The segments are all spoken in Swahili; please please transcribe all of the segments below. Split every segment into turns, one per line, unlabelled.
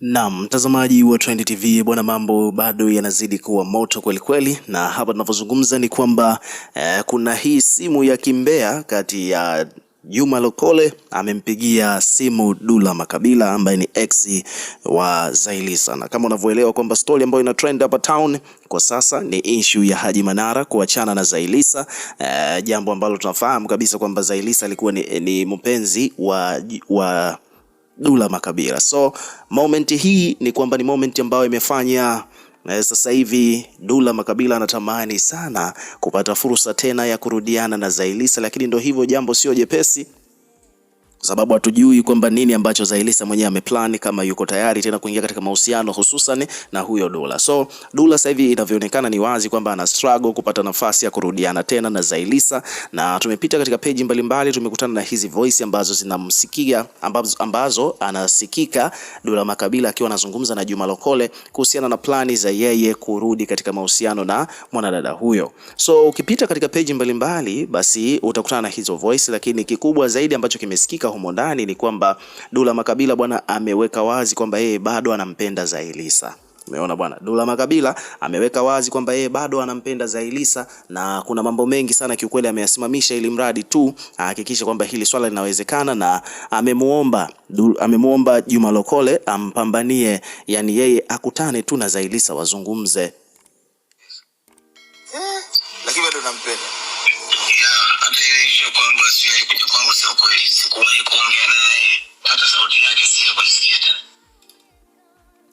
Na mtazamaji wa Trend TV bwana, mambo bado yanazidi kuwa moto kweli kweli, na hapa tunavyozungumza ni kwamba eh, kuna hii simu ya kimbea kati ya Juma Lokole amempigia simu Dula Makabila ambaye ni ex wa Zailisa, na kama unavyoelewa kwamba story ambayo ina trend hapa town kwa sasa ni issue ya Haji Manara kuachana na Zailisa e, jambo ambalo tunafahamu kabisa kwamba Zailisa alikuwa ni, ni mpenzi wa, wa Dula Makabila. So moment hii ni kwamba ni moment ambayo imefanya eh, sasa hivi Dula Makabila anatamani sana kupata fursa tena ya kurudiana na Zailisa, lakini ndio hivyo, jambo sio jepesi kwa sababu hatujui kwamba nini ambacho Zailisa mwenyewe ameplan kama yuko tayari tena kuingia katika mahusiano hususan na huyo Dula. So Dula sasa hivi inavyoonekana ni wazi kwamba ana struggle kupata nafasi ya kurudiana tena na Zailisa, na tumepita katika peji mbalimbali, tumekutana na hizi voice ambazo zinamsikia ambazo, ambazo anasikika Dula Makabila akiwa anazungumza na Juma Lokole kuhusiana na plani za yeye kurudi katika mahusiano na mwanadada huyo. So ukipita katika peji mbalimbali, basi utakutana na hizo voice, lakini kikubwa zaidi ambacho kimesikika kilichofanyika humo ndani ni kwamba Dula Makabila bwana ameweka wazi kwamba yeye bado anampenda Zailisa. Umeona bwana, Dula Makabila ameweka wazi kwamba yeye bado anampenda Zailisa na kuna mambo mengi sana kiukweli ameyasimamisha, ili mradi tu ahakikishe kwamba hili swala linawezekana, na amemuomba amemuomba Juma Lokole ampambanie, yani yeye akutane tu na Zailisa wazungumze,
eh, lakini bado nampenda ya kwamba sio alikuja kwangu sio kweli. Sikuwahi kuongea naye, hata sauti yake tena.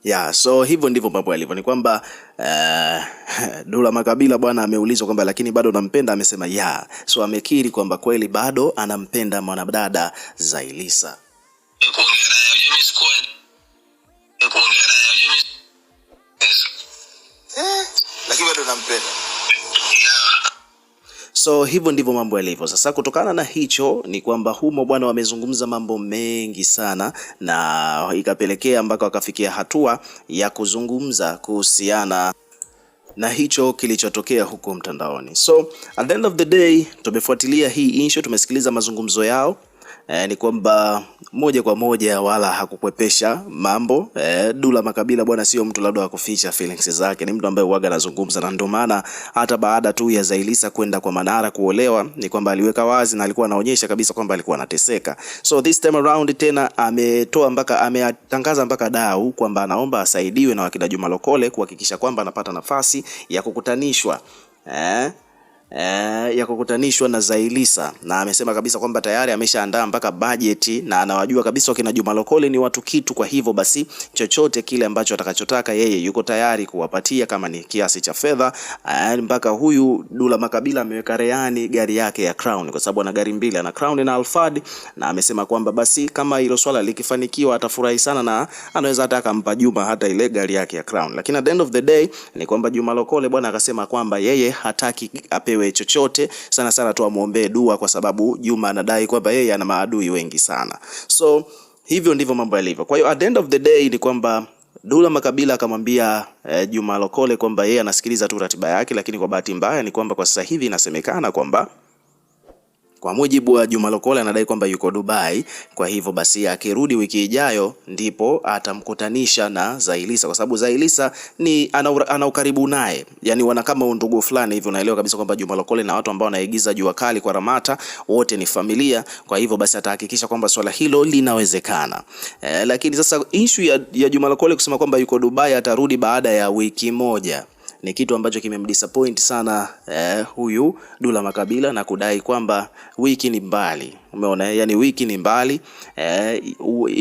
Yeah, so hivyo ndivyo mambo yalivyo. Ni kwamba uh, Dula Makabila bwana ameulizwa kwamba lakini bado nampenda, amesema yeah. So amekiri kwamba kweli bado anampenda mwanadada Zailisa.
Eh, lakini bado nampenda
So hivyo ndivyo mambo yalivyo sasa. Kutokana na hicho, ni kwamba humo bwana wamezungumza mambo mengi sana, na ikapelekea mpaka wakafikia hatua ya kuzungumza kuhusiana na hicho kilichotokea huko mtandaoni. So at the end of the day, tumefuatilia hii issue, tumesikiliza mazungumzo yao eh, ni kwamba moja kwa moja wala hakukwepesha mambo eh. Dula Makabila bwana sio mtu labda wa kuficha feelings zake, ni mtu ambaye huaga anazungumza, na ndio maana hata baada tu ya Zailisa kwenda kwa Manara kuolewa ni kwamba aliweka wazi na alikuwa anaonyesha kabisa kwamba alikuwa anateseka. So this time around tena ametoa mpaka ametangaza mpaka dau kwamba anaomba asaidiwe na wakina Juma Lokole kuhakikisha kwamba anapata nafasi ya kukutanishwa eh? eh, ya kukutanishwa na Zailisa na amesema kabisa kwamba tayari ameshaandaa mpaka bajeti na anawajua kabisa wakina Juma Lokole ni watu kitu. Kwa hivyo basi, chochote kile ambacho atakachotaka yeye yuko tayari kuwapatia, kama ni kiasi cha fedha eh, mpaka huyu Dula Makabila ameweka reani gari yake ya Crown, kwa sababu ana gari mbili, ana Crown na Alphard, na amesema kwamba basi kama hilo swala likifanikiwa atafurahi sana, na anaweza hata akampa Juma hata ile gari yake ya Crown. Lakini at the end of the day ni kwamba Juma Lokole bwana akasema kwamba yeye hataki apewe aombewe chochote, sana sana tu amwombee dua, kwa sababu Juma anadai kwamba yeye ana maadui wengi sana. So hivyo ndivyo mambo yalivyo. Kwa hiyo at the end of the day ni kwamba Dula Makabila akamwambia eh, Juma Lokole kwamba yeye anasikiliza tu ratiba yake, lakini kwa bahati mbaya ni kwamba kwa sasa hivi inasemekana kwamba kwa mujibu wa Juma Lokole, anadai kwamba yuko Dubai, kwa hivyo basi akirudi wiki ijayo ndipo atamkutanisha na Zailisa, kwa sababu Zailisa ni ana ukaribu naye, yani wana kama undugu fulani hivi. Unaelewa kabisa kwamba Juma Lokole na watu ambao wanaigiza Jua Kali kwa Ramata wote ni familia, kwa hivyo basi atahakikisha kwamba swala hilo linawezekana. E, lakini sasa issue ya, ya Juma Lokole kusema kwamba yuko Dubai atarudi baada ya wiki moja ni kitu ambacho kimemdisappoint sana eh, huyu Dula Makabila na kudai kwamba wiki ni mbali. Umeona, eh, yani wiki ni mbali eh,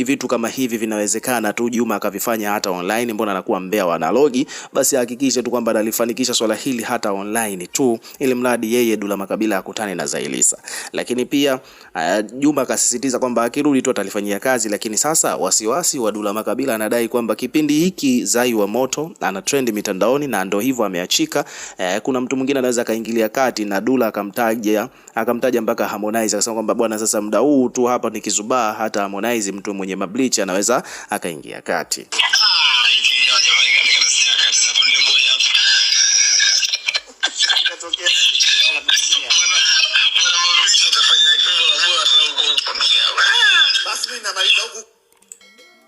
vitu kama hivi vinawezekana tu Juma akavifanya hata online. Mbona anakuwa mbea wa analogi? Basi hakikishe tu kwamba analifanikisha swala hili hata online tu, ili mradi yeye Dula Makabila akutane na Zailisa. Lakini pia eh, Juma akasisitiza kwamba akirudi tu atalifanyia kazi, lakini sasa wasiwasi wa Dula Makabila anadai kwamba kipindi hiki Zai wa moto ana trend mitandaoni na ndio hivyo ameachika. Eh, kuna mtu mwingine anaweza akaingilia kati na Dula akamtaja akamtaja mpaka Harmonize akasema kwamba bwana sasa muda huu tu hapa ni kizubaa, hata Harmonize mtu mwenye mablichi anaweza akaingia kati.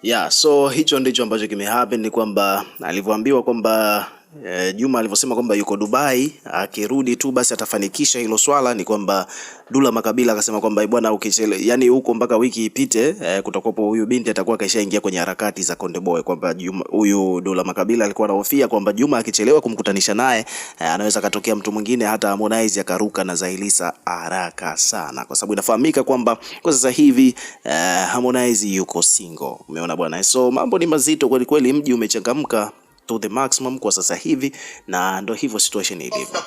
Yeah, so hicho ndicho ambacho kimehappen ni kwamba alivyoambiwa kwamba e, Juma alivyosema kwamba yuko Dubai akirudi tu basi atafanikisha hilo swala, ni kwamba Dula Makabila akasema kwamba eh, bwana, ukichele yani huko mpaka wiki ipite e, kutakuwapo huyu binti atakuwa kaishaingia kwenye harakati za Konde Boy, kwamba huyu Dula Makabila alikuwa anahofia kwamba Juma akichelewa kumkutanisha naye e, anaweza katokea mtu mwingine, hata Harmonize akaruka na Zailisa haraka sana, kwa sababu inafahamika kwamba kwa sasa hivi e, Harmonize yuko single. Umeona bwana, so mambo ni mazito kweli kweli, mji umechangamka to the maximum kwa sasa hivi, na ndo hivyo situation ilivyo.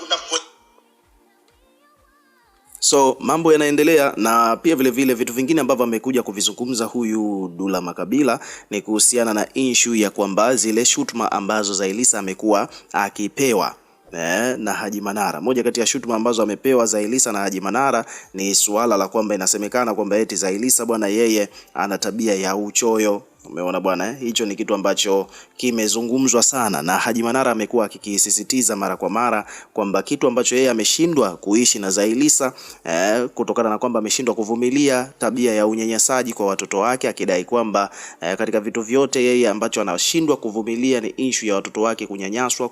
So mambo yanaendelea, na pia vile vile vitu vingine ambavyo amekuja kuvizungumza huyu Dula Makabila ni kuhusiana na issue ya kwamba zile shutuma ambazo Zailisa amekuwa akipewa eh, na Haji Manara. Moja kati ya shutuma ambazo amepewa Zailisa na Haji Manara ni suala la kwamba inasemekana kwamba eti Zailisa bwana, yeye ana tabia ya uchoyo Umeona bwana eh? Hicho ni kitu ambacho kimezungumzwa sana na Haji Manara amekuwa akikisisitiza mara kwa mara kwamba kitu ambacho yeye ameshindwa kuishi na Zailisa eh, kutokana na kwamba ameshindwa kuvumilia tabia ya unyanyasaji kwa watoto wake, akidai kwamba eh, katika vitu vyote yeye ambacho anashindwa kuvumilia ni ishu ya watoto wake kunyanyaswa,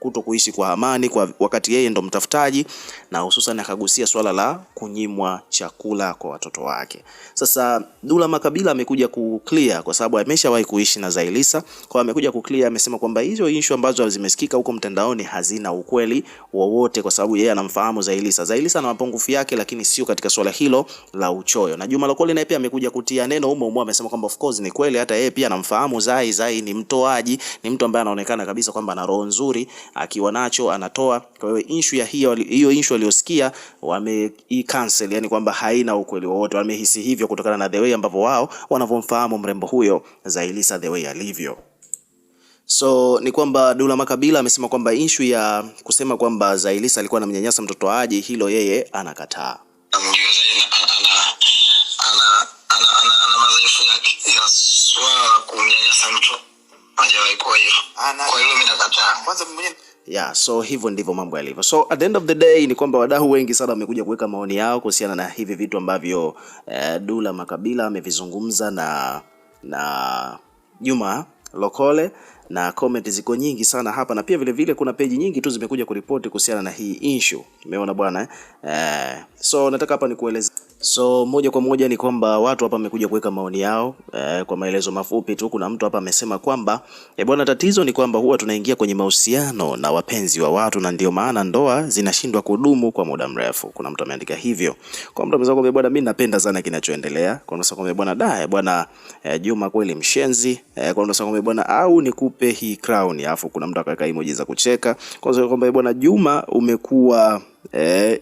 kuto kuishi kwa amani kwa wakati yeye ndo mtafutaji, na hususan akagusia swala la kunyimwa chakula kwa watoto wake. Sasa Dula Makabila amekuja ku clear kwa sababu ameshawahi kuishi na Zailisa. Kwa amekuja kuclear, amesema kwamba hizo issue ambazo zimesikika huko mtandaoni hazina ukweli wowote, kwa sababu yeye anamfahamu Zailisa. Zailisa ana mapungufu yake, lakini sio katika swala hilo la uchoyo. Na Juma Lokole naye pia amekuja kutia neno umo umo, amesema kwamba of course ni kweli, hata yeye pia anamfahamu Zai. Zai ni mtoaji, ni mtu ambaye anaonekana kabisa kwamba ana roho nzuri, akiwa nacho anatoa. Kwa hiyo issue ya hiyo hiyo issue aliyosikia wame cancel, yani kwamba haina ukweli wowote. Wamehisi hivyo kutokana na the way ambavyo wao wanavyomfahamu mrembo huyo huyo Zailisa the way alivyo. So ni kwamba Dula Makabila amesema kwamba ishu ya kusema kwamba Zailisa alikuwa anamnyanyasa mtoto aje, hilo yeye anakataa. Yeah, so hivyo ndivyo mambo yalivyo. So at the end of the day ni kwamba wadau wengi sana wamekuja kuweka maoni yao kuhusiana na hivi vitu ambavyo eh, Dula Makabila amevizungumza na na Juma Lokole na comment ziko nyingi sana hapa, na pia vile vile kuna page nyingi tu zimekuja kuripoti kuhusiana na hii issue. Umeona bwana eh? So nataka hapa nikueleze So moja kwa moja ni kwamba watu hapa wamekuja kuweka maoni yao eh, kwa maelezo mafupi tu. Kuna mtu hapa amesema kwamba eh, bwana, tatizo ni kwamba huwa tunaingia kwenye mahusiano na wapenzi wa watu na ndio maana ndoa zinashindwa kudumu kwa muda mrefu. Kuna mtu ameandika hivyo. Kwa mtu amesema kwamba bwana, mimi napenda sana kinachoendelea. Kwa mtu amesema kwamba bwana, da bwana eh, Juma kweli mshenzi. Eh, kwa mtu amesema kwamba bwana, au ni kup nipe hii crown, alafu kuna mtu akaweka emoji za kucheka kwa kwamba eh, bwana Juma umekuwa eh,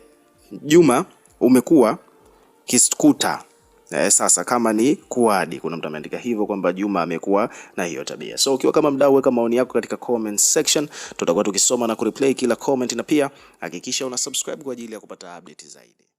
Juma umekuwa kiskuta Eh, sasa kama ni kuadi, kuna mtu ameandika hivyo kwamba Juma amekuwa na hiyo tabia. So ukiwa kama mdau, weka maoni yako katika comment section, tutakuwa tukisoma na kureplay kila comment, na pia hakikisha una subscribe kwa ajili ya kupata update zaidi.